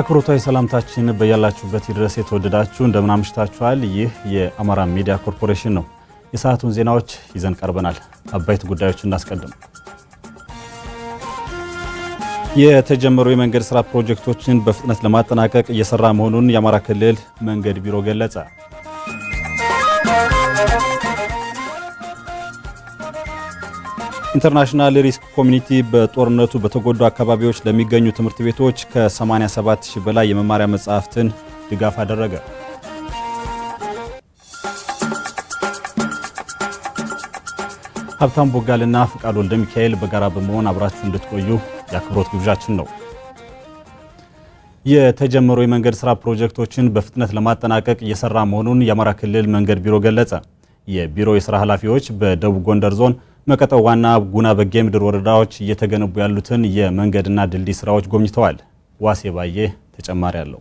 አክብሮታዊ ሰላምታችን በያላችሁበት ድረስ የተወደዳችሁ እንደምናምሽታችኋል። ይህ የአማራ ሚዲያ ኮርፖሬሽን ነው። የሰዓቱን ዜናዎች ይዘን ቀርበናል። አበይት ጉዳዮች እናስቀድም። የተጀመሩ የመንገድ ስራ ፕሮጀክቶችን በፍጥነት ለማጠናቀቅ እየሰራ መሆኑን የአማራ ክልል መንገድ ቢሮ ገለጸ። ኢንተርናሽናል ሪስክ ኮሚኒቲ በጦርነቱ በተጎዱ አካባቢዎች ለሚገኙ ትምህርት ቤቶች ከ87 ሺህ በላይ የመማሪያ መጽሐፍትን ድጋፍ አደረገ። ሀብታም ቦጋልና ፍቃድ ወልደ ሚካኤል በጋራ በመሆን አብራችሁ እንድትቆዩ የአክብሮት ግብዣችን ነው። የተጀመሩ የመንገድ ስራ ፕሮጀክቶችን በፍጥነት ለማጠናቀቅ እየሰራ መሆኑን የአማራ ክልል መንገድ ቢሮ ገለጸ። የቢሮ የስራ ኃላፊዎች በደቡብ ጎንደር ዞን መቀጠዋና ጉና በጌ ምድር ወረዳዎች እየተገነቡ ያሉትን የመንገድና ድልድይ ስራዎች ጎብኝተዋል። ዋሴ ባዬ ተጨማሪ አለው።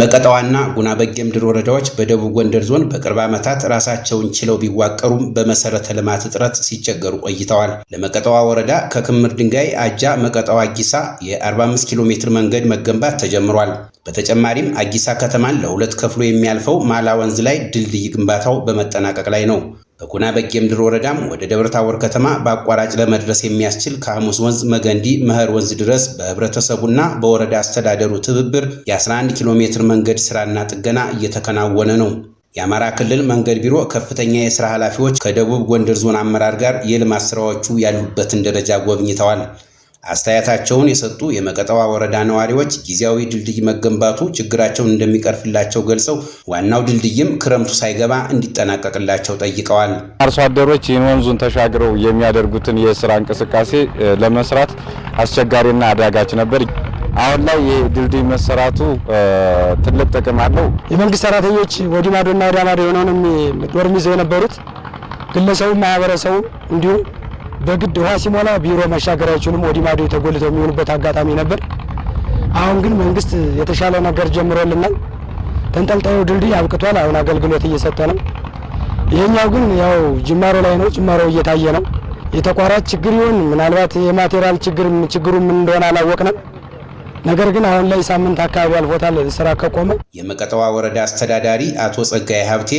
መቀጠዋና ጉና በጌምድር ወረዳዎች በደቡብ ጎንደር ዞን በቅርብ ዓመታት ራሳቸውን ችለው ቢዋቀሩም በመሰረተ ልማት እጥረት ሲቸገሩ ቆይተዋል። ለመቀጠዋ ወረዳ ከክምር ድንጋይ አጃ መቀጠዋ አጊሳ የ45 ኪሎ ሜትር መንገድ መገንባት ተጀምሯል። በተጨማሪም አጊሳ ከተማን ለሁለት ከፍሎ የሚያልፈው ማላ ወንዝ ላይ ድልድይ ግንባታው በመጠናቀቅ ላይ ነው። በኩና በጌምድር ወረዳም ወደ ደብረታቦር ከተማ በአቋራጭ ለመድረስ የሚያስችል ከሐሙስ ወንዝ መገንዲ መኸር ወንዝ ድረስ በህብረተሰቡና በወረዳ አስተዳደሩ ትብብር የ11 ኪሎ ሜትር መንገድ ስራና ጥገና እየተከናወነ ነው። የአማራ ክልል መንገድ ቢሮ ከፍተኛ የስራ ኃላፊዎች ከደቡብ ጎንደር ዞን አመራር ጋር የልማት ስራዎቹ ያሉበትን ደረጃ ጎብኝተዋል። አስተያየታቸውን የሰጡ የመቀጠዋ ወረዳ ነዋሪዎች ጊዜያዊ ድልድይ መገንባቱ ችግራቸውን እንደሚቀርፍላቸው ገልጸው ዋናው ድልድይም ክረምቱ ሳይገባ እንዲጠናቀቅላቸው ጠይቀዋል። አርሶ አደሮች ይህን ወንዙን ተሻግረው የሚያደርጉትን የስራ እንቅስቃሴ ለመስራት አስቸጋሪና አዳጋች ነበር። አሁን ላይ የድልድይ መሰራቱ ትልቅ ጥቅም አለው። የመንግስት ሰራተኞች ወዲህ ማዶና ወዲያ ማዶ የሆነውን ዶርም ይዘው የነበሩት ግለሰቡ ማህበረሰቡ እንዲሁም በግድ ውሃ ሲሞላ ቢሮ መሻገሪያችንም ወዲማዶ የተጎልተው የሚሆኑበት አጋጣሚ ነበር። አሁን ግን መንግስት የተሻለ ነገር ጀምሮልናል። ተንጠልጣዩ ድልድይ አብቅቷል። አሁን አገልግሎት እየሰጠ ነው። ይሄኛው ግን ያው ጅማሮ ላይ ነው። ጅማሮ እየታየ ነው። የተቋራጭ ችግር ይሁን ምናልባት የማቴሪያል ችግር ችግሩ ምን እንደሆነ አላወቅንም። ነገር ግን አሁን ላይ ሳምንት አካባቢ አልፎታል ስራ ከቆመ። የመቀጠዋ ወረዳ አስተዳዳሪ አቶ ጸጋይ ሀብቴ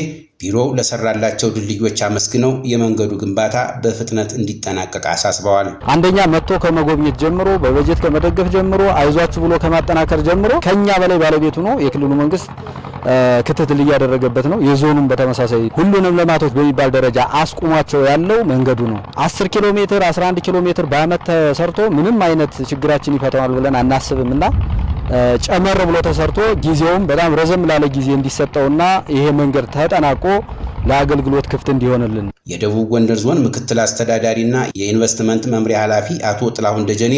ቢሮው ለሰራላቸው ድልድዮች አመስግነው የመንገዱ ግንባታ በፍጥነት እንዲጠናቀቅ አሳስበዋል። አንደኛ መጥቶ ከመጎብኘት ጀምሮ በበጀት ከመደገፍ ጀምሮ አይዟችሁ ብሎ ከማጠናከር ጀምሮ ከኛ በላይ ባለቤቱ ነው የክልሉ መንግስት ክትትል እያደረገበት ነው። የዞኑም በተመሳሳይ ሁሉንም ልማቶች በሚባል ደረጃ አስቁሟቸው ያለው መንገዱ ነው። 10 ኪሎ ሜትር 11 ኪሎ ሜትር በአመት ተሰርቶ ምንም አይነት ችግራችን ይፈተዋል ብለን ና። ጨመር ብሎ ተሰርቶ ጊዜውም በጣም ረዘም ላለ ጊዜ እንዲሰጠውና ይሄ መንገድ ተጠናቆ ለአገልግሎት ክፍት እንዲሆንልን የደቡብ ጎንደር ዞን ምክትል አስተዳዳሪና የኢንቨስትመንት መምሪያ ኃላፊ አቶ ጥላሁን ደጀኔ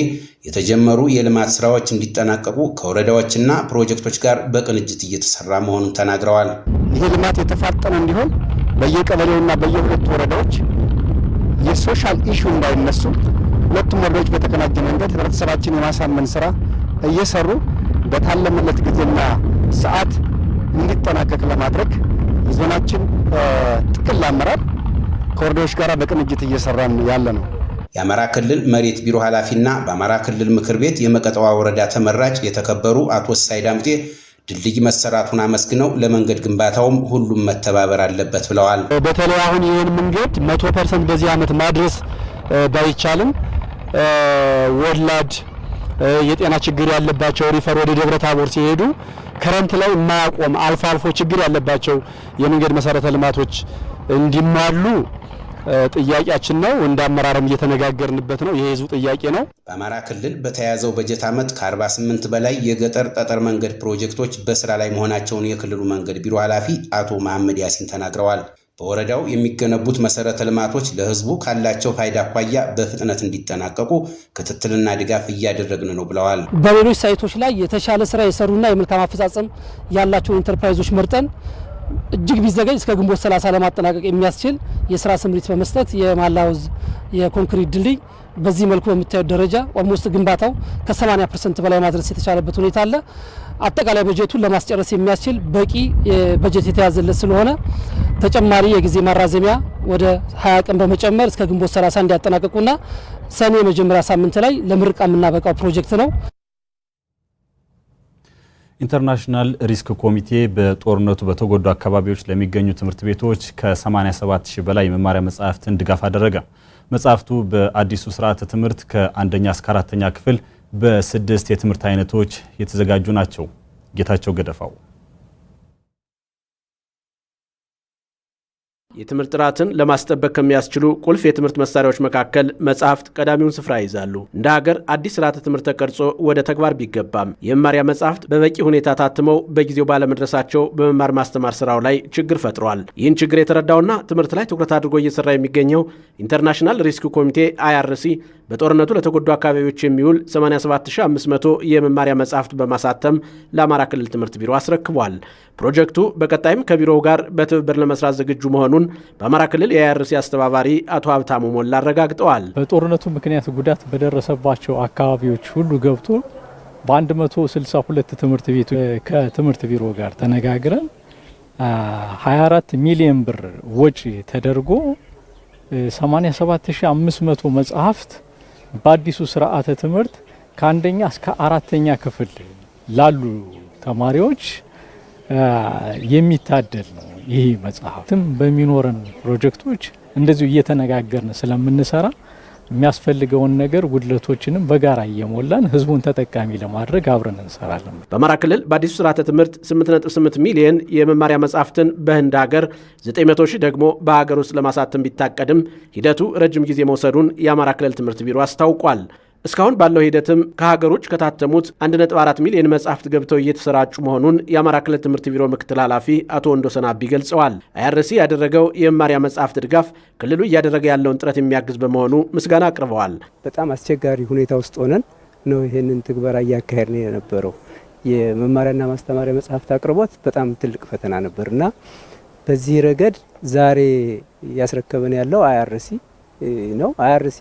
የተጀመሩ የልማት ስራዎች እንዲጠናቀቁ ከወረዳዎችና ፕሮጀክቶች ጋር በቅንጅት እየተሰራ መሆኑን ተናግረዋል። ይሄ ልማት የተፋጠነ እንዲሆን በየቀበሌውና በየሁለቱ ወረዳዎች የሶሻል ኢሹ እንዳይነሱ ሁለቱም ወረዳዎች በተቀናጀ መንገድ ህብረተሰባችን የማሳመን ስራ እየሰሩ በታለመለት ጊዜና ሰዓት እንዲጠናቀቅ ለማድረግ የዞናችን ጥቅል አመራር ከወረዳዎች ጋር በቅንጅት እየሰራን ያለ ነው። የአማራ ክልል መሬት ቢሮ ኃላፊና በአማራ ክልል ምክር ቤት የመቀጠዋ ወረዳ ተመራጭ የተከበሩ አቶ ሳይ ዳምጤ ድልድይ መሰራቱን አመስግነው ለመንገድ ግንባታውም ሁሉም መተባበር አለበት ብለዋል። በተለይ አሁን ይህን መንገድ መቶ ፐርሰንት በዚህ ዓመት ማድረስ ባይቻልም ወላድ የጤና ችግር ያለባቸው ሪፈር ወደ ደብረ ታቦር ሲሄዱ ከረንት ላይ የማያቆም አልፎ አልፎ ችግር ያለባቸው የመንገድ መሰረተ ልማቶች እንዲሟሉ ጥያቄያችን ነው። እንደ አመራርም እየተነጋገርንበት ነው። የህዝቡ ጥያቄ ነው። በአማራ ክልል በተያዘው በጀት ዓመት ከ48 በላይ የገጠር ጠጠር መንገድ ፕሮጀክቶች በስራ ላይ መሆናቸውን የክልሉ መንገድ ቢሮ ኃላፊ አቶ መሐመድ ያሲን ተናግረዋል። በወረዳው የሚገነቡት መሰረተ ልማቶች ለህዝቡ ካላቸው ፋይዳ አኳያ በፍጥነት እንዲጠናቀቁ ክትትልና ድጋፍ እያደረግን ነው ብለዋል። በሌሎች ሳይቶች ላይ የተሻለ ስራ የሰሩና የመልካም አፈጻጸም ያላቸው ኢንተርፕራይዞች መርጠን እጅግ ቢዘገይ እስከ ግንቦት 30 ለማጠናቀቅ የሚያስችል የስራ ስምሪት በመስጠት የማላውዝ የኮንክሪት ድልድይ በዚህ መልኩ በምታዩት ደረጃ ኦልሞስት ግንባታው ከ80 ፐርሰንት በላይ ማድረስ የተቻለበት ሁኔታ አለ። አጠቃላይ በጀቱን ለማስጨረስ የሚያስችል በቂ በጀት የተያዘለት ስለሆነ ተጨማሪ የጊዜ ማራዘሚያ ወደ 20 ቀን በመጨመር እስከ ግንቦት 30 እንዲያጠናቀቁና ሰኔ የመጀመሪያ ሳምንት ላይ ለምርቃ የምናበቃው ፕሮጀክት ነው። ኢንተርናሽናል ሪስክ ኮሚቴ በጦርነቱ በተጎዱ አካባቢዎች ለሚገኙ ትምህርት ቤቶች ከ87 ሺህ በላይ የመማሪያ መጽሐፍትን ድጋፍ አደረገ። መጽሐፍቱ በአዲሱ ስርዓተ ትምህርት ከአንደኛ እስከ አራተኛ ክፍል በስድስት የትምህርት አይነቶች የተዘጋጁ ናቸው። ጌታቸው ገደፋው የትምህርት ጥራትን ለማስጠበቅ ከሚያስችሉ ቁልፍ የትምህርት መሳሪያዎች መካከል መጽሐፍት ቀዳሚውን ስፍራ ይዛሉ። እንደ ሀገር አዲስ ስርዓተ ትምህርት ተቀርጾ ወደ ተግባር ቢገባም የመማሪያ መጽሐፍት በበቂ ሁኔታ ታትመው በጊዜው ባለመድረሳቸው በመማር ማስተማር ስራው ላይ ችግር ፈጥሯል። ይህን ችግር የተረዳውና ትምህርት ላይ ትኩረት አድርጎ እየሰራ የሚገኘው ኢንተርናሽናል ሪስክ ኮሚቴ አይአርሲ በጦርነቱ ለተጎዱ አካባቢዎች የሚውል 87500 የመማሪያ መጽሐፍት በማሳተም ለአማራ ክልል ትምህርት ቢሮ አስረክቧል። ፕሮጀክቱ በቀጣይም ከቢሮው ጋር በትብብር ለመስራት ዝግጁ መሆኑን በአማራ ክልል የአይአርሲ አስተባባሪ አቶ ሀብታሙ ሞላ አረጋግጠዋል። በጦርነቱ ምክንያት ጉዳት በደረሰባቸው አካባቢዎች ሁሉ ገብቶ በ162 ትምህርት ቤቱ ከትምህርት ቢሮ ጋር ተነጋግረን 24 ሚሊዮን ብር ወጪ ተደርጎ 87500 መጽሐፍት በአዲሱ ስርዓተ ትምህርት ከአንደኛ እስከ አራተኛ ክፍል ላሉ ተማሪዎች የሚታደል ነው። ይህ መጽሐፍትም በሚኖረን ፕሮጀክቶች እንደዚሁ እየተነጋገርን ስለምንሰራ የሚያስፈልገውን ነገር ጉድለቶችንም በጋራ እየሞላን ህዝቡን ተጠቃሚ ለማድረግ አብረን እንሰራለን። በአማራ ክልል በአዲሱ ስርዓተ ትምህርት 8.8 ሚሊየን የመማሪያ መጽሐፍትን በህንድ ሀገር 900 ሺህ ደግሞ በሀገር ውስጥ ለማሳተም ቢታቀድም ሂደቱ ረጅም ጊዜ መውሰዱን የአማራ ክልል ትምህርት ቢሮ አስታውቋል። እስካሁን ባለው ሂደትም ከሀገሮች ከታተሙት 1.4 ሚሊዮን መጽሐፍት ገብተው እየተሰራጩ መሆኑን የአማራ ክልል ትምህርት ቢሮ ምክትል ኃላፊ አቶ ወንዶሰን አቢ ገልጸዋል። አይአርሲ ያደረገው የመማሪያ መጽሐፍት ድጋፍ ክልሉ እያደረገ ያለውን ጥረት የሚያግዝ በመሆኑ ምስጋና አቅርበዋል። በጣም አስቸጋሪ ሁኔታ ውስጥ ሆነን ነው ይህንን ትግበራ እያካሄድ ነው የነበረው። የመማሪያና ማስተማሪያ መጽሐፍት አቅርቦት በጣም ትልቅ ፈተና ነበር እና በዚህ ረገድ ዛሬ ያስረከበን ያለው አይአርሲ ነው። አይአርሲ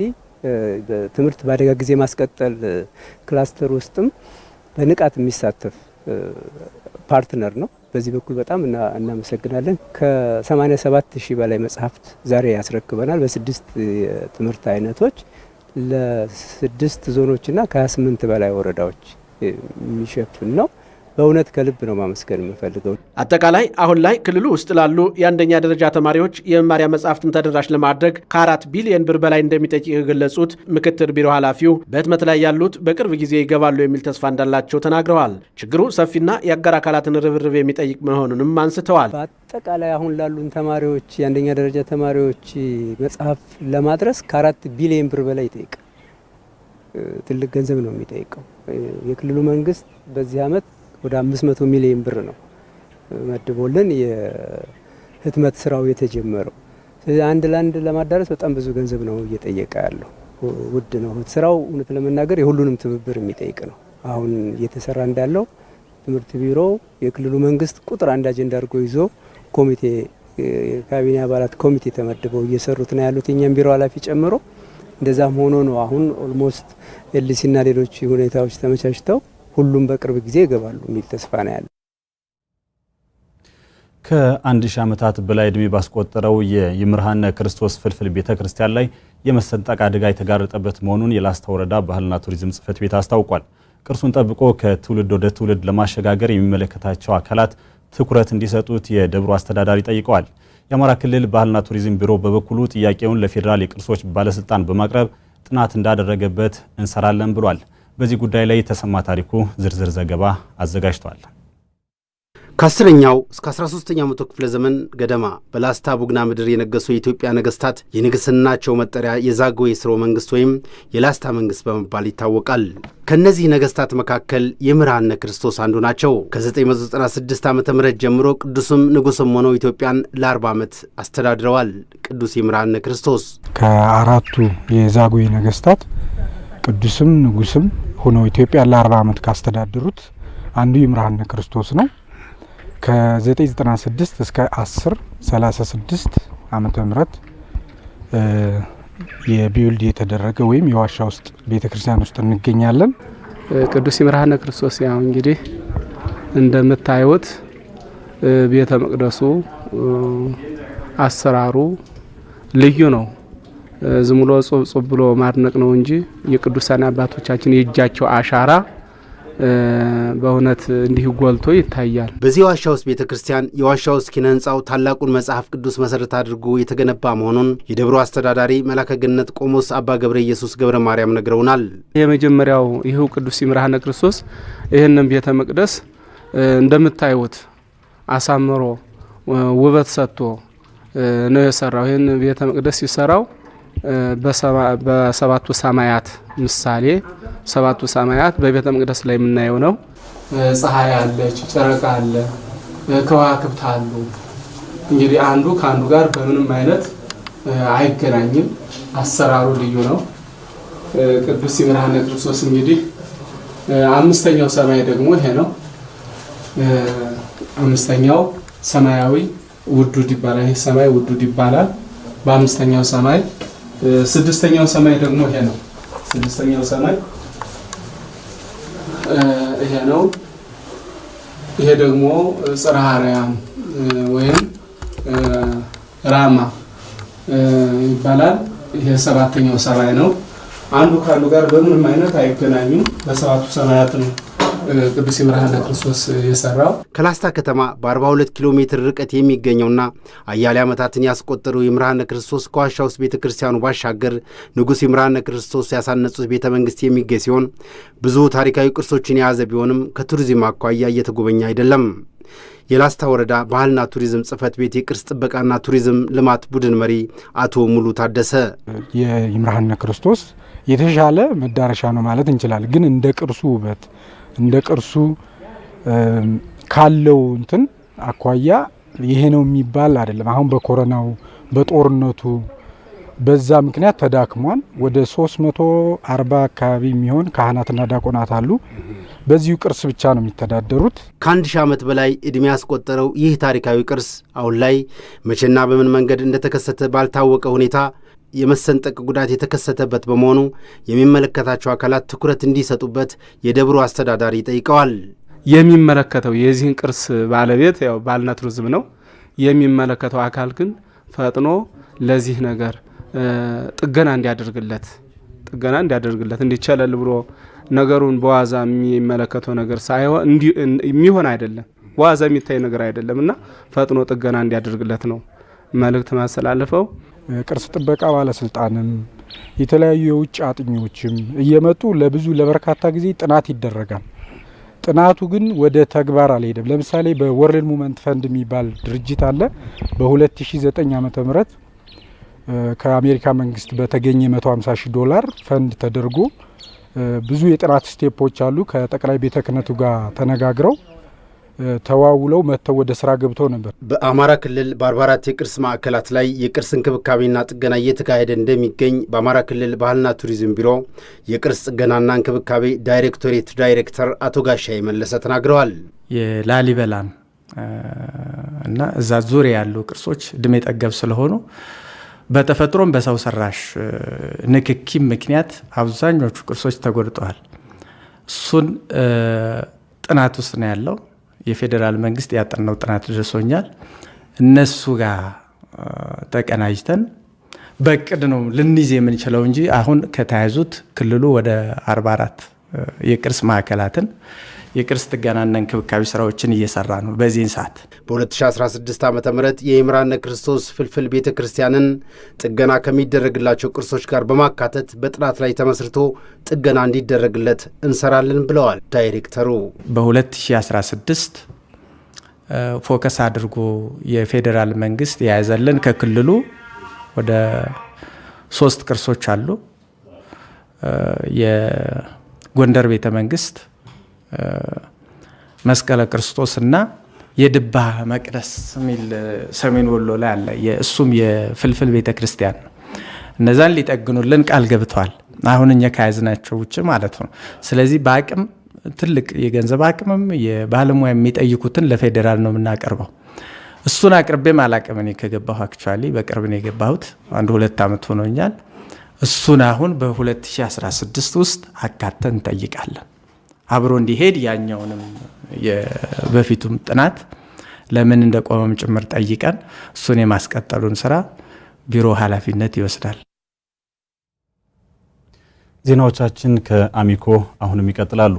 ትምህርት በአደጋ ጊዜ ማስቀጠል ክላስተር ውስጥም በንቃት የሚሳተፍ ፓርትነር ነው። በዚህ በኩል በጣም እናመሰግናለን። ከ87 ሺህ በላይ መጽሐፍት ዛሬ ያስረክበናል። በስድስት የትምህርት አይነቶች ለስድስት ዞኖችና ከ28 በላይ ወረዳዎች የሚሸፍን ነው። በእውነት ከልብ ነው ማመስገን የምፈልገው። አጠቃላይ አሁን ላይ ክልሉ ውስጥ ላሉ የአንደኛ ደረጃ ተማሪዎች የመማሪያ መጽሐፍትን ተደራሽ ለማድረግ ከአራት ቢሊየን ብር በላይ እንደሚጠይቅ የገለጹት ምክትል ቢሮ ኃላፊው በህትመት ላይ ያሉት በቅርብ ጊዜ ይገባሉ የሚል ተስፋ እንዳላቸው ተናግረዋል። ችግሩ ሰፊና የአጋር አካላትን ርብርብ የሚጠይቅ መሆኑንም አንስተዋል። በአጠቃላይ አሁን ላሉን ተማሪዎች የአንደኛ ደረጃ ተማሪዎች መጽሐፍ ለማድረስ ከአራት ቢሊየን ብር በላይ ይጠይቃል። ትልቅ ገንዘብ ነው የሚጠይቀው። የክልሉ መንግስት በዚህ ዓመት ወደ 500 ሚሊዮን ብር ነው መድቦልን የህትመት ስራው የተጀመረው። ስለዚህ አንድ ለአንድ ለማዳረስ በጣም ብዙ ገንዘብ ነው እየጠየቀ ያለው፣ ውድ ነው ስራው። እውነት ለመናገር የሁሉንም ትብብር የሚጠይቅ ነው። አሁን እየተሰራ እንዳለው ትምህርት ቢሮ የክልሉ መንግስት ቁጥር አንድ አጀንዳ አድርጎ ይዞ ኮሚቴ የካቢኔ አባላት ኮሚቴ ተመድበው እየሰሩት ነው ያሉት የኛም ቢሮ ኃላፊ ጨምሮ እንደዛም ሆኖ ነው አሁን ኦልሞስት ኤልሲና ሌሎች ሁኔታዎች ተመቻችተው ሁሉም በቅርብ ጊዜ ይገባሉ የሚል ተስፋ ነው ያለ። ከአንድ ሺህ ዓመታት በላይ ዕድሜ ባስቆጠረው የይምርሃነ ክርስቶስ ፍልፍል ቤተ ክርስቲያን ላይ የመሰንጠቅ አደጋ የተጋረጠበት መሆኑን የላስታ ወረዳ ባህልና ቱሪዝም ጽሕፈት ቤት አስታውቋል። ቅርሱን ጠብቆ ከትውልድ ወደ ትውልድ ለማሸጋገር የሚመለከታቸው አካላት ትኩረት እንዲሰጡት የደብሩ አስተዳዳሪ ጠይቀዋል። የአማራ ክልል ባህልና ቱሪዝም ቢሮ በበኩሉ ጥያቄውን ለፌዴራል የቅርሶች ባለስልጣን በማቅረብ ጥናት እንዳደረገበት እንሰራለን ብሏል። በዚህ ጉዳይ ላይ የተሰማ ታሪኩ ዝርዝር ዘገባ አዘጋጅቷል። ከአስረኛው እስከ አስራ ሶስተኛው መቶ ክፍለ ዘመን ገደማ በላስታ ቡግና ምድር የነገሱ የኢትዮጵያ ነገስታት የንግስናቸው መጠሪያ የዛጎ የስሮ መንግስት ወይም የላስታ መንግስት በመባል ይታወቃል። ከእነዚህ ነገስታት መካከል የምርሃነ ክርስቶስ አንዱ ናቸው። ከ996 ዓ ም ጀምሮ ቅዱስም ንጉስም ሆነው ኢትዮጵያን ለ40 ዓመት አስተዳድረዋል። ቅዱስ የምርሃነ ክርስቶስ ከአራቱ የዛጎ ነገስታት ቅዱስም ንጉስም ሆነው ኢትዮጵያ ለ40 ዓመት ካስተዳደሩት አንዱ ይምርሃነ ክርስቶስ ነው። ከ996 እስከ 1036 ዓመተ ምህረት የቢውልድ የተደረገ ወይም የዋሻ ውስጥ ቤተ ክርስቲያን ውስጥ እንገኛለን። ቅዱስ ይምርሃነ ክርስቶስ ያው እንግዲህ እንደምታዩት ቤተ መቅደሱ አሰራሩ ልዩ ነው። ዝም ብሎ ብሎ ማድነቅ ነው እንጂ የቅዱሳን አባቶቻችን የእጃቸው አሻራ በእውነት እንዲህ ጎልቶ ይታያል። በዚህ ዋሻ ውስጥ ቤተ ክርስቲያን የዋሻ ውስጥ ኪነ ህንፃው ታላቁን መጽሐፍ ቅዱስ መሰረት አድርጎ የተገነባ መሆኑን የደብሮ አስተዳዳሪ መላከ ገነት ቆሞስ አባ ገብረ ኢየሱስ ገብረ ማርያም ነግረውናል። የመጀመሪያው ይህው ቅዱስ ይምርሃነ ክርስቶስ ይህንም ቤተ መቅደስ እንደምታዩት አሳምሮ ውበት ሰጥቶ ነው የሰራው። ይህን ቤተ መቅደስ ሲሰራው በሰባቱ ሰማያት ምሳሌ ሰባቱ ሰማያት በቤተ መቅደስ ላይ የምናየው ነው። ፀሐይ አለች፣ ጨረቃ አለ፣ ከዋክብት አሉ። እንግዲህ አንዱ ከአንዱ ጋር በምንም አይነት አይገናኝም። አሰራሩ ልዩ ነው። ቅዱስ ይምርሃነ ክርስቶስ እንግዲህ አምስተኛው ሰማይ ደግሞ ይሄ ነው። አምስተኛው ሰማያዊ ውዱድ ይባላል። ይሄ ሰማይ ውዱድ ይባላል። በአምስተኛው ሰማይ ስድስተኛው ሰማይ ደግሞ ይሄ ነው። ስድስተኛው ሰማይ ይሄ ነው። ይሄ ደግሞ ጽርሐ አርያም ወይም ራማ ይባላል። ይሄ ሰባተኛው ሰማይ ነው። አንዱ ካሉ ጋር በምንም አይነት አይገናኙም። በሰባቱ ሰማያት ነው ቅዱስ የብርሃነ ክርስቶስ የሰራው ከላስታ ከተማ በ42 ኪሎ ሜትር ርቀት የሚገኘውና አያሌ ዓመታትን ያስቆጠረው የምርሃነ ክርስቶስ ከዋሻ ውስጥ ቤተ ክርስቲያኑ ባሻገር ንጉሥ የምርሃነ ክርስቶስ ያሳነጹት ቤተ መንግሥት የሚገኝ ሲሆን ብዙ ታሪካዊ ቅርሶችን የያዘ ቢሆንም ከቱሪዝም አኳያ እየተጎበኘ አይደለም። የላስታ ወረዳ ባህልና ቱሪዝም ጽህፈት ቤት የቅርስ ጥበቃና ቱሪዝም ልማት ቡድን መሪ አቶ ሙሉ ታደሰ የይምርሃነ ክርስቶስ የተሻለ መዳረሻ ነው ማለት እንችላለን። ግን እንደ ቅርሱ ውበት እንደ ቅርሱ ካለው እንትን አኳያ ይሄ ነው የሚባል አይደለም። አሁን በኮረናው በጦርነቱ በዛ ምክንያት ተዳክሟል። ወደ 340 አካባቢ የሚሆን ካህናትና ዲያቆናት አሉ። በዚሁ ቅርስ ብቻ ነው የሚተዳደሩት። ከአንድ ሺህ ዓመት በላይ እድሜ ያስቆጠረው ይህ ታሪካዊ ቅርስ አሁን ላይ መቼና በምን መንገድ እንደተከሰተ ባልታወቀ ሁኔታ የመሰንጠቅ ጉዳት የተከሰተበት በመሆኑ የሚመለከታቸው አካላት ትኩረት እንዲሰጡበት የደብሩ አስተዳዳሪ ጠይቀዋል። የሚመለከተው የዚህን ቅርስ ባለቤት ያው ቱሪዝም ነው። የሚመለከተው አካል ግን ፈጥኖ ለዚህ ነገር ጥገና እንዲያደርግለት ጥገና እንዲያደርግለት እንዲቸለል ብሎ ነገሩን በዋዛ የሚመለከተው ነገር ሳይሆን የሚሆን አይደለም፣ ዋዛ የሚታይ ነገር አይደለም እና ፈጥኖ ጥገና እንዲያደርግለት ነው መልእክት ማስተላለፈው። ቅርስ ጥበቃ ባለስልጣንም የተለያዩ የውጭ አጥኚዎችም እየመጡ ለብዙ ለበርካታ ጊዜ ጥናት ይደረጋል። ጥናቱ ግን ወደ ተግባር አልሄደም። ለምሳሌ በወርልድ ሙመንት ፈንድ የሚባል ድርጅት አለ። በ2009 ዓ.ም ከአሜሪካ መንግስት በተገኘ 150 ሺህ ዶላር ፈንድ ተደርጎ ብዙ የጥናት ስቴፖች አሉ። ከጠቅላይ ቤተ ክህነቱ ጋር ተነጋግረው ተዋውለው መጥተው ወደ ስራ ገብተው ነበር። በአማራ ክልል በአርባ አራት የቅርስ ማዕከላት ላይ የቅርስ እንክብካቤና ጥገና እየተካሄደ እንደሚገኝ በአማራ ክልል ባህልና ቱሪዝም ቢሮ የቅርስ ጥገናና እንክብካቤ ዳይሬክቶሬት ዳይሬክተር አቶ ጋሻ የመለሰ ተናግረዋል። የላሊበላን እና እዛ ዙሪያ ያሉ ቅርሶች እድሜ ጠገብ ስለሆኑ በተፈጥሮም በሰው ሰራሽ ንክኪ ምክንያት አብዛኞቹ ቅርሶች ተጎድጠዋል። እሱን ጥናት ውስጥ ነው ያለው የፌዴራል መንግስት ያጠናው ጥናት ደርሶኛል። እነሱ ጋር ተቀናጅተን በቅድ ነው ልንይዝ የምንችለው እንጂ አሁን ከተያዙት ክልሉ ወደ 44 የቅርስ ማዕከላትን የቅርስ ጥገናና እንክብካቤ ስራዎችን እየሰራ ነው። በዚህን ሰዓት በ2016 ዓ ም የይምራነ ክርስቶስ ፍልፍል ቤተ ክርስቲያንን ጥገና ከሚደረግላቸው ቅርሶች ጋር በማካተት በጥናት ላይ ተመስርቶ ጥገና እንዲደረግለት እንሰራለን ብለዋል ዳይሬክተሩ። በ2016 ፎከስ አድርጎ የፌዴራል መንግስት የያዘልን ከክልሉ ወደ ሶስት ቅርሶች አሉ። የጎንደር ቤተ መንግስት መስቀለ ክርስቶስ እና የድባ መቅደስ የሚል ሰሜን ወሎ ላይ አለ። እሱም የፍልፍል ቤተ ክርስቲያን ነው። እነዛን ሊጠግኑልን ቃል ገብተዋል። አሁን እኛ ከያዝናቸው ውጭ ማለት ነው። ስለዚህ በአቅም ትልቅ የገንዘብ አቅምም የባለሙያ የሚጠይቁትን ለፌዴራል ነው የምናቀርበው። እሱን አቅርቤም አላቅም እኔ ከገባሁ አክቹዋሊ በቅርብ ነው የገባሁት። አንድ ሁለት ዓመት ሆኖኛል። እሱን አሁን በ2016 ውስጥ አካተን እንጠይቃለን። አብሮ እንዲሄድ ያኛውንም በፊቱም ጥናት ለምን እንደቆመም ጭምር ጠይቀን እሱን የማስቀጠሉን ስራ ቢሮ ኃላፊነት ይወስዳል። ዜናዎቻችን ከአሚኮ አሁንም ይቀጥላሉ።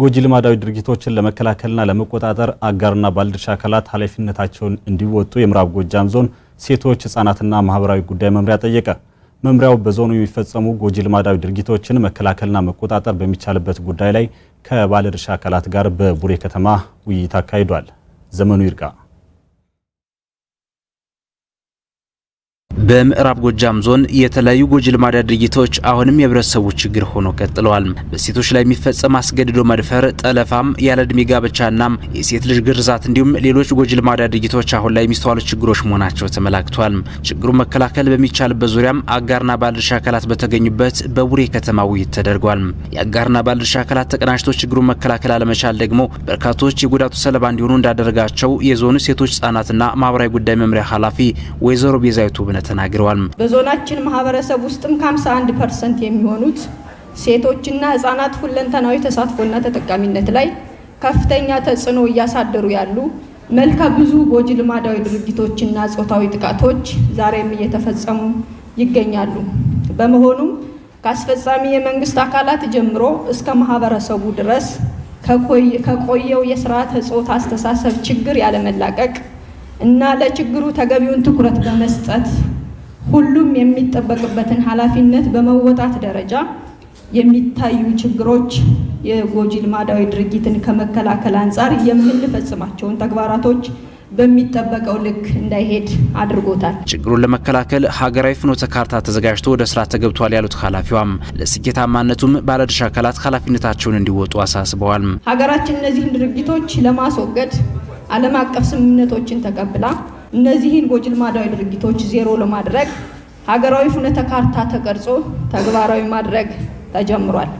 ጎጂ ልማዳዊ ድርጊቶችን ለመከላከልና ለመቆጣጠር አጋርና ባለድርሻ አካላት ኃላፊነታቸውን እንዲወጡ የምዕራብ ጎጃም ዞን ሴቶች ህጻናትና ማህበራዊ ጉዳይ መምሪያ ጠየቀ። መምሪያው በዞኑ የሚፈጸሙ ጎጂ ልማዳዊ ድርጊቶችን መከላከልና መቆጣጠር በሚቻልበት ጉዳይ ላይ ከባለድርሻ አካላት ጋር በቡሬ ከተማ ውይይት አካሂዷል። ዘመኑ ይርጋ በምዕራብ ጎጃም ዞን የተለያዩ ጎጂ ልማዳ ድርጊቶች አሁንም የህብረተሰቡ ችግር ሆኖ ቀጥለዋል። በሴቶች ላይ የሚፈጸም አስገድዶ መድፈር፣ ጠለፋም፣ ያለ እድሜ ጋብቻና የሴት ልጅ ግርዛት እንዲሁም ሌሎች ጎጂ ልማዳ ድርጊቶች አሁን ላይ የሚስተዋሉ ችግሮች መሆናቸው ተመላክቷል። ችግሩ መከላከል በሚቻልበት ዙሪያም አጋርና ባለድርሻ አካላት በተገኙበት በቡሬ ከተማ ውይይት ተደርጓል። የአጋርና ባለድርሻ አካላት ተቀናጅቶ ችግሩን መከላከል አለመቻል ደግሞ በርካቶች የጉዳቱ ሰለባ እንዲሆኑ እንዳደረጋቸው የዞኑ ሴቶች ህጻናትና ማህበራዊ ጉዳይ መምሪያ ኃላፊ ወይዘሮ ቤዛይቱ ብነት ተናግረዋል። በዞናችን ማህበረሰብ ውስጥም ከ51 ፐርሰንት የሚሆኑት ሴቶችና ህጻናት ሁለንተናዊ ተሳትፎና ተጠቃሚነት ላይ ከፍተኛ ተጽዕኖ እያሳደሩ ያሉ መልከ ብዙ ጎጂ ልማዳዊ ድርጊቶችና ጾታዊ ጥቃቶች ዛሬም እየተፈጸሙ ይገኛሉ። በመሆኑም ከአስፈጻሚ የመንግስት አካላት ጀምሮ እስከ ማህበረሰቡ ድረስ ከቆየው የስርዓተ ጾታ አስተሳሰብ ችግር ያለመላቀቅ እና ለችግሩ ተገቢውን ትኩረት በመስጠት ሁሉም የሚጠበቅበትን ኃላፊነት በመወጣት ደረጃ የሚታዩ ችግሮች የጎጂ ልማዳዊ ድርጊትን ከመከላከል አንጻር የምንፈጽማቸውን ተግባራቶች በሚጠበቀው ልክ እንዳይሄድ አድርጎታል። ችግሩን ለመከላከል ሀገራዊ ፍኖተ ካርታ ተዘጋጅቶ ወደ ስራ ተገብቷል ያሉት ኃላፊዋም ለስኬታማነቱም ባለድርሻ አካላት ኃላፊነታቸውን እንዲወጡ አሳስበዋል። ሀገራችን እነዚህን ድርጊቶች ለማስወገድ ዓለም አቀፍ ስምምነቶችን ተቀብላ እነዚህን ጎጂ ልማዳዊ ድርጊቶች ዜሮ ለማድረግ ሀገራዊ ፍኖተ ካርታ ተቀርጾ ተግባራዊ ማድረግ ተጀምሯል።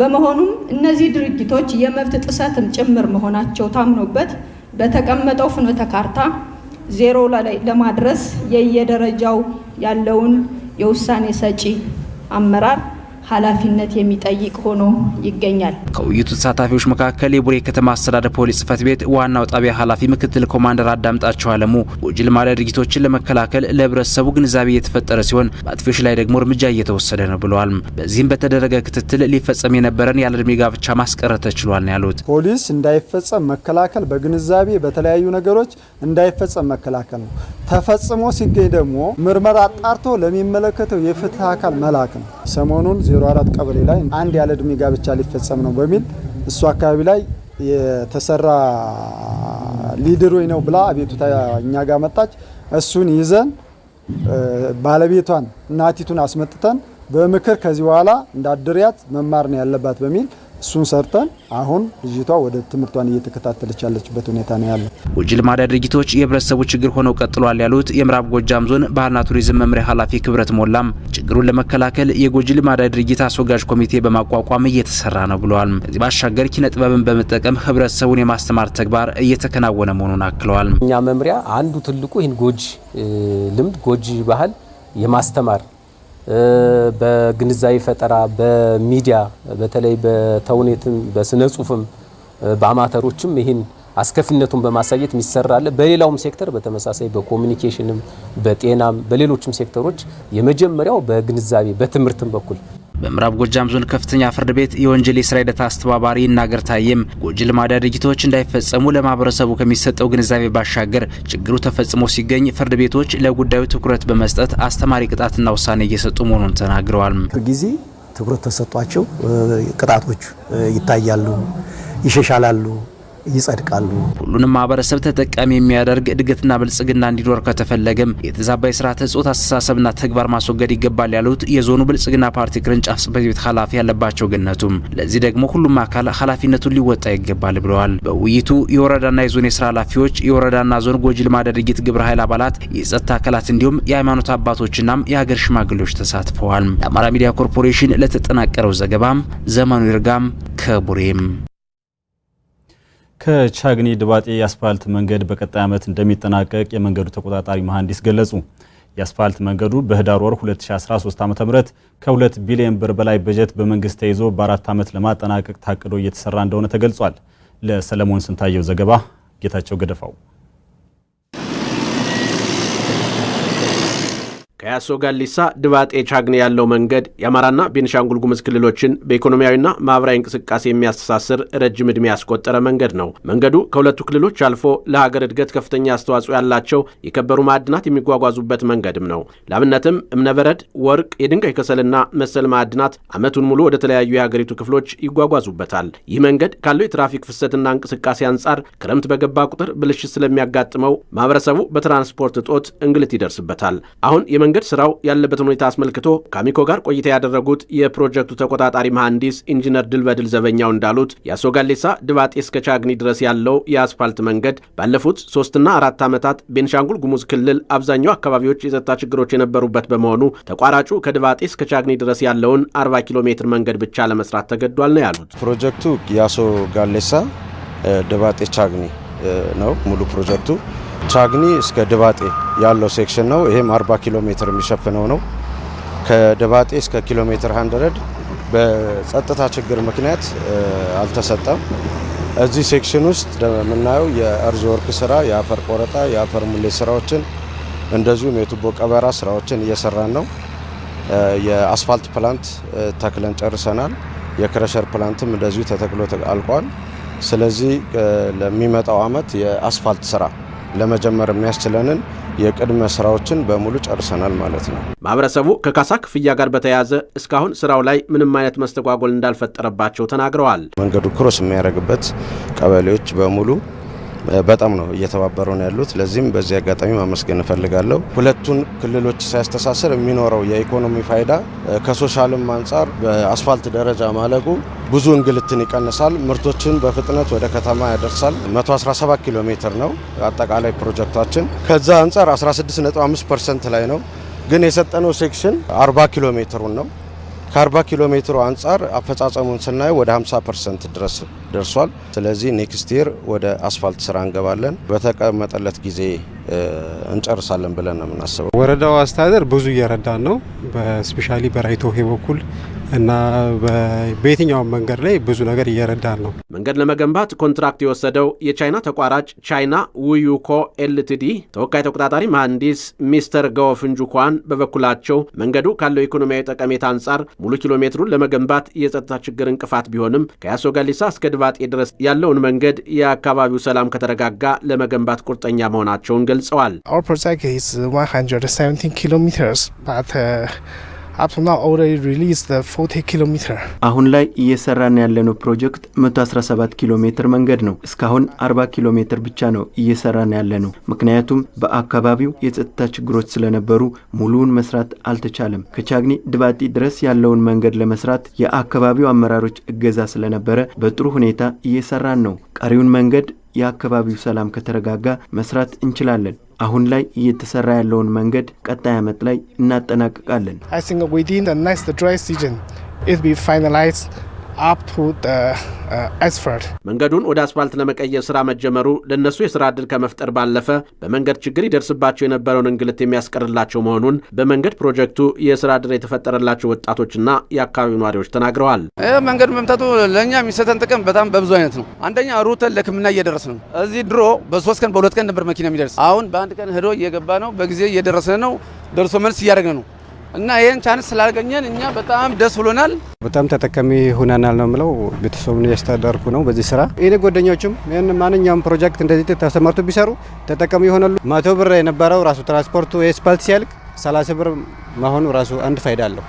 በመሆኑም እነዚህ ድርጊቶች የመብት ጥሰትም ጭምር መሆናቸው ታምኖበት በተቀመጠው ፍኖተ ካርታ ዜሮ ለማድረስ የየደረጃው ያለውን የውሳኔ ሰጪ አመራር ኃላፊነት የሚጠይቅ ሆኖ ይገኛል። ከውይይቱ ተሳታፊዎች መካከል የቡሬ ከተማ አስተዳደር ፖሊስ ጽፈት ቤት ዋናው ጣቢያ ኃላፊ ምክትል ኮማንደር አዳምጣቸው አለሙ ወንጀል ማለ ድርጊቶችን ለመከላከል ለህብረተሰቡ ግንዛቤ እየተፈጠረ ሲሆን በአጥፊዎች ላይ ደግሞ እርምጃ እየተወሰደ ነው ብለዋል። በዚህም በተደረገ ክትትል ሊፈጸም የነበረን ያለ እድሜ ጋብቻ ማስቀረት ተችሏል ያሉት። ፖሊስ እንዳይፈጸም መከላከል በግንዛቤ በተለያዩ ነገሮች እንዳይፈጸም መከላከል ነው። ተፈጽሞ ሲገኝ ደግሞ ምርመራ አጣርቶ ለሚመለከተው የፍትህ አካል መላክ ነው። ሰሞኑን 04 ቀበሌ ላይ አንድ ያለ እድሜ ጋብቻ ሊፈጸም ነው በሚል እሱ አካባቢ ላይ የተሰራ ሊድሮኝ ነው ብላ አቤቱታ እኛ ጋር መጣች። እሱን ይዘን ባለቤቷን እናቲቱን አስመጥተን በምክር ከዚህ በኋላ እንዳድሪያት መማር ነው ያለባት በሚል እሱን ሰርተን አሁን ልጅቷ ወደ ትምህርቷን እየተከታተለች ያለችበት ሁኔታ ነው ያለው። ጎጂ ልማዳ ድርጊቶች የህብረተሰቡ ችግር ሆነው ቀጥሏል ያሉት የምዕራብ ጎጃም ዞን ባህልና ቱሪዝም መምሪያ ኃላፊ ክብረት ሞላም ችግሩን ለመከላከል የጎጂ ልማዳ ድርጊት አስወጋጅ ኮሚቴ በማቋቋም እየተሰራ ነው ብለዋል። ከዚህ ባሻገር ኪነ ጥበብን በመጠቀም ህብረተሰቡን የማስተማር ተግባር እየተከናወነ መሆኑን አክለዋል። እኛ መምሪያ አንዱ ትልቁ ይህን ጎጂ ልምድ ጎጂ ባህል የማስተማር በግንዛቤ ፈጠራ፣ በሚዲያ በተለይ በተውኔትም በስነ ጽሁፍም በአማተሮችም ይህን አስከፊነቱን በማሳየት የሚሰራ አለ። በሌላውም ሴክተር በተመሳሳይ በኮሚኒኬሽንም በጤናም በሌሎችም ሴክተሮች የመጀመሪያው በግንዛቤ በትምህርትም በኩል በምዕራብ ጎጃም ዞን ከፍተኛ ፍርድ ቤት የወንጀል የስራ ሂደት አስተባባሪ ይናገር ታየም ጎጂ ልማዳ ድርጊቶች እንዳይፈጸሙ ለማህበረሰቡ ከሚሰጠው ግንዛቤ ባሻገር ችግሩ ተፈጽሞ ሲገኝ ፍርድ ቤቶች ለጉዳዩ ትኩረት በመስጠት አስተማሪ ቅጣትና ውሳኔ እየሰጡ መሆኑን ተናግረዋል። ጊዜ ትኩረት ተሰጧቸው ቅጣቶች ይታያሉ፣ ይሸሻላሉ ይጸድቃሉ። ሁሉንም ማህበረሰብ ተጠቃሚ የሚያደርግ እድገትና ብልጽግና እንዲኖር ከተፈለገም የተዛባ የስርዓተ ጾታ አስተሳሰብና ተግባር ማስወገድ ይገባል ያሉት የዞኑ ብልጽግና ፓርቲ ቅርንጫፍ ጽሕፈት ቤት ኃላፊ ያለባቸው ግነቱም ለዚህ ደግሞ ሁሉም አካል ኃላፊነቱን ሊወጣ ይገባል ብለዋል። በውይይቱ የወረዳና የዞን የስራ ኃላፊዎች፣ የወረዳና ዞን ጎጂ ልማድ ድርጊት ግብረ ኃይል አባላት፣ የጸጥታ አካላት እንዲሁም የሃይማኖት አባቶችናም የሀገር ሽማግሌዎች ተሳትፈዋል። የአማራ ሚዲያ ኮርፖሬሽን ለተጠናቀረው ዘገባም ዘመኑ ይርጋም ከቡሬም ከቻግኒ ድባጤ የአስፋልት መንገድ በቀጣይ ዓመት እንደሚጠናቀቅ የመንገዱ ተቆጣጣሪ መሐንዲስ ገለጹ። የአስፋልት መንገዱ በህዳር ወር 2013 ዓ.ም ከ2 ቢሊዮን ብር በላይ በጀት በመንግስት ተይዞ በአራት ዓመት ለማጠናቀቅ ታቅዶ እየተሰራ እንደሆነ ተገልጿል። ለሰለሞን ስንታየው ዘገባ ጌታቸው ገደፋው ከያሶ ጋሊሳ ድባጤ ቻግኔ ያለው መንገድ የአማራና ቤንሻንጉል ጉምዝ ክልሎችን በኢኮኖሚያዊና ማኅበራዊ እንቅስቃሴ የሚያስተሳስር ረጅም ዕድሜ ያስቆጠረ መንገድ ነው። መንገዱ ከሁለቱ ክልሎች አልፎ ለሀገር እድገት ከፍተኛ አስተዋጽኦ ያላቸው የከበሩ ማዕድናት የሚጓጓዙበት መንገድም ነው። ለአብነትም እብነበረድ፣ ወርቅ፣ የድንጋይ ከሰልና መሰል ማዕድናት ዓመቱን ሙሉ ወደ ተለያዩ የሀገሪቱ ክፍሎች ይጓጓዙበታል። ይህ መንገድ ካለው የትራፊክ ፍሰትና እንቅስቃሴ አንጻር ክረምት በገባ ቁጥር ብልሽት ስለሚያጋጥመው ማህበረሰቡ በትራንስፖርት እጦት እንግልት ይደርስበታል። አሁን መንገድ ስራው ያለበትን ሁኔታ አስመልክቶ ከአሚኮ ጋር ቆይታ ያደረጉት የፕሮጀክቱ ተቆጣጣሪ መሐንዲስ ኢንጂነር ድልበድል ዘበኛው እንዳሉት የአሶጋሌሳ ድባጤ እስከ ቻግኒ ድረስ ያለው የአስፋልት መንገድ ባለፉት ሶስትና አራት ዓመታት ቤንሻንጉል ጉሙዝ ክልል አብዛኛው አካባቢዎች የጸጥታ ችግሮች የነበሩበት በመሆኑ ተቋራጩ ከድባጤ እስከ ቻግኒ ድረስ ያለውን 40 ኪሎ ሜትር መንገድ ብቻ ለመስራት ተገዷል ነው ያሉት። ፕሮጀክቱ የአሶጋሌሳ ድባጤ ቻግኒ ነው ሙሉ ፕሮጀክቱ ቻግኒ እስከ ድባጤ ያለው ሴክሽን ነው። ይሄም 40 ኪሎ ሜትር የሚሸፍነው ነው። ከድባጤ እስከ ኪሎ ሜትር 100 በጸጥታ ችግር ምክንያት አልተሰጠም። እዚህ ሴክሽን ውስጥ የምናየው የእርዝ ወርክ ስራ፣ የአፈር ቆረጣ፣ የአፈር ሙሌት ስራዎችን እንደዚሁም የቱቦ ቀበራ ስራዎችን እየሰራን ነው። የአስፋልት ፕላንት ተክለን ጨርሰናል። የክረሸር ፕላንትም እንደዚሁ ተተክሎ አልቋል። ስለዚህ ለሚመጣው አመት የአስፋልት ስራ ለመጀመር የሚያስችለንን የቅድመ ስራዎችን በሙሉ ጨርሰናል ማለት ነው። ማህበረሰቡ ከካሳ ክፍያ ጋር በተያያዘ እስካሁን ስራው ላይ ምንም አይነት መስተጓጎል እንዳልፈጠረባቸው ተናግረዋል። መንገዱ ክሮስ የሚያደርግበት ቀበሌዎች በሙሉ በጣም ነው እየተባበሩ ነው ያሉት። ለዚህም በዚህ አጋጣሚ ማመስገን እፈልጋለሁ። ሁለቱን ክልሎች ሲያስተሳስር የሚኖረው የኢኮኖሚ ፋይዳ ከሶሻልም አንጻር በአስፋልት ደረጃ ማለቁ ብዙ እንግልትን ይቀንሳል፣ ምርቶችን በፍጥነት ወደ ከተማ ያደርሳል። 117 ኪሎ ሜትር ነው አጠቃላይ ፕሮጀክታችን። ከዛ አንጻር 16.5 ፐርሰንት ላይ ነው፣ ግን የሰጠነው ሴክሽን 40 ኪሎ ሜትሩን ነው። ከ40 ኪሎ ሜትሩ አንጻር አፈጻጸሙን ስናየው ወደ 50 ፐርሰንት ድረስ ደርሷል። ስለዚህ ኔክስት ይር ወደ አስፋልት ስራ እንገባለን። በተቀመጠለት ጊዜ እንጨርሳለን ብለን ነው የምናስበው። ወረዳው አስተዳደር ብዙ እየረዳን ነው። በስፔሻሊ በራይቶሄ በኩል እና በየትኛውም መንገድ ላይ ብዙ ነገር እየረዳን ነው። መንገድ ለመገንባት ኮንትራክት የወሰደው የቻይና ተቋራጭ ቻይና ውዩኮ ኤልቲዲ ተወካይ ተቆጣጣሪ መሐንዲስ ሚስተር ገወፍንጁኳን በበኩላቸው መንገዱ ካለው ኢኮኖሚያዊ ጠቀሜታ አንጻር ሙሉ ኪሎ ሜትሩን ለመገንባት የጸጥታ ችግር እንቅፋት ቢሆንም ከያሶ ጋሊሳ እስከ ድባጤ ድረስ ያለውን መንገድ የአካባቢው ሰላም ከተረጋጋ ለመገንባት ቁርጠኛ መሆናቸውን ገልጸዋል። አሁን ላይ እየሰራን ያለነው ፕሮጀክት 117 ኪሎ ሜትር መንገድ ነው። እስካሁን 40 ኪሎ ሜትር ብቻ ነው እየሰራን ያለነው፣ ምክንያቱም በአካባቢው የጸጥታ ችግሮች ስለነበሩ ሙሉውን መስራት አልተቻለም። ከቻግኒ ድባጢ ድረስ ያለውን መንገድ ለመስራት የአካባቢው አመራሮች እገዛ ስለነበረ በጥሩ ሁኔታ እየሰራን ነው። ቀሪውን መንገድ የአካባቢው ሰላም ከተረጋጋ መስራት እንችላለን። አሁን ላይ እየተሰራ ያለውን መንገድ ቀጣይ ዓመት ላይ እናጠናቅቃለን። Uh, መንገዱን ወደ አስፋልት ለመቀየር ስራ መጀመሩ ለእነሱ የስራ ዕድል ከመፍጠር ባለፈ በመንገድ ችግር ይደርስባቸው የነበረውን እንግልት የሚያስቀርላቸው መሆኑን በመንገድ ፕሮጀክቱ የስራ ዕድል የተፈጠረላቸው ወጣቶችና የአካባቢው ነዋሪዎች ተናግረዋል። መንገዱ መምታቱ ለእኛ የሚሰጠን ጥቅም በጣም በብዙ አይነት ነው። አንደኛ ሩተን ለክምና እየደረስ ነው። እዚህ ድሮ በሶስት ቀን በሁለት ቀን ነበር መኪና የሚደርስ አሁን በአንድ ቀን ሄዶ እየገባ ነው። በጊዜ እየደረሰ ነው። ደርሶ መልስ እያደረግን ነው። እና ይህን ቻንስ ስላልገኘን እኛ በጣም ደስ ብሎናል። በጣም ተጠቃሚ ሆነናል ነው የምለው። ቤተሰቡን እያስተዳደርኩ ነው በዚህ ስራ። ይህ ጓደኞችም ይህን ማንኛውም ፕሮጀክት እንደዚህ ተሰማርቱ ቢሰሩ ተጠቃሚ ይሆናሉ። መቶ ብር የነበረው ራሱ ትራንስፖርቱ የስፓልት ሲያልቅ ሰላሳ ብር መሆኑ ራሱ አንድ ፋይዳ አለው።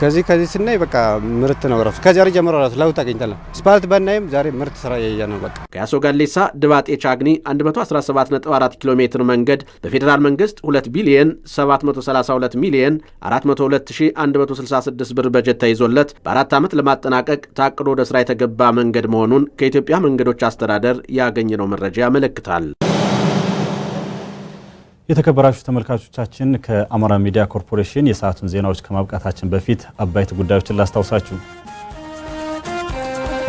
ከዚህ ከዚህ ስናይ በቃ ምርት ነው ራሱ ከዛሬ ጀምሮ ራሱ ለውጥ አግኝተናል። ስፓልት በናይም ዛሬ ምርት ስራ እያየ ነው። በቃ ከያሶ ጋሌሳ ድባጤ ቻግኒ 117.4 ኪሎ ሜትር መንገድ በፌዴራል መንግስት 2 ቢሊየን 732 ሚሊየን 402166 ብር በጀት ተይዞለት በአራት ዓመት ለማጠናቀቅ ታቅዶ ወደ ስራ የተገባ መንገድ መሆኑን ከኢትዮጵያ መንገዶች አስተዳደር ያገኘነው መረጃ ያመለክታል። የተከበራችሁ ተመልካቾቻችን ከአማራ ሚዲያ ኮርፖሬሽን የሰዓቱን ዜናዎች ከማብቃታችን በፊት አበይት ጉዳዮችን ላስታውሳችሁ።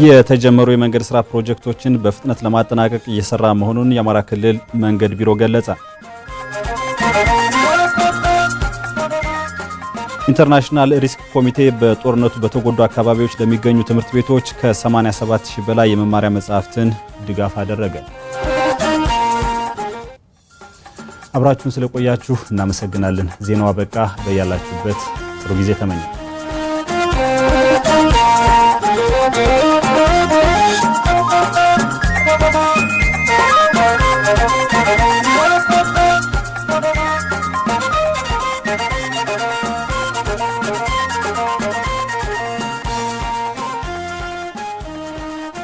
የተጀመሩ የመንገድ ስራ ፕሮጀክቶችን በፍጥነት ለማጠናቀቅ እየሰራ መሆኑን የአማራ ክልል መንገድ ቢሮ ገለጸ። ኢንተርናሽናል ሪስክ ኮሚቴ በጦርነቱ በተጎዱ አካባቢዎች ለሚገኙ ትምህርት ቤቶች ከ87 ሺህ በላይ የመማሪያ መጽሐፍትን ድጋፍ አደረገ። አብራችሁን ስለቆያችሁ እናመሰግናለን። ዜናው አበቃ። በያላችሁበት ጥሩ ጊዜ ተመኘ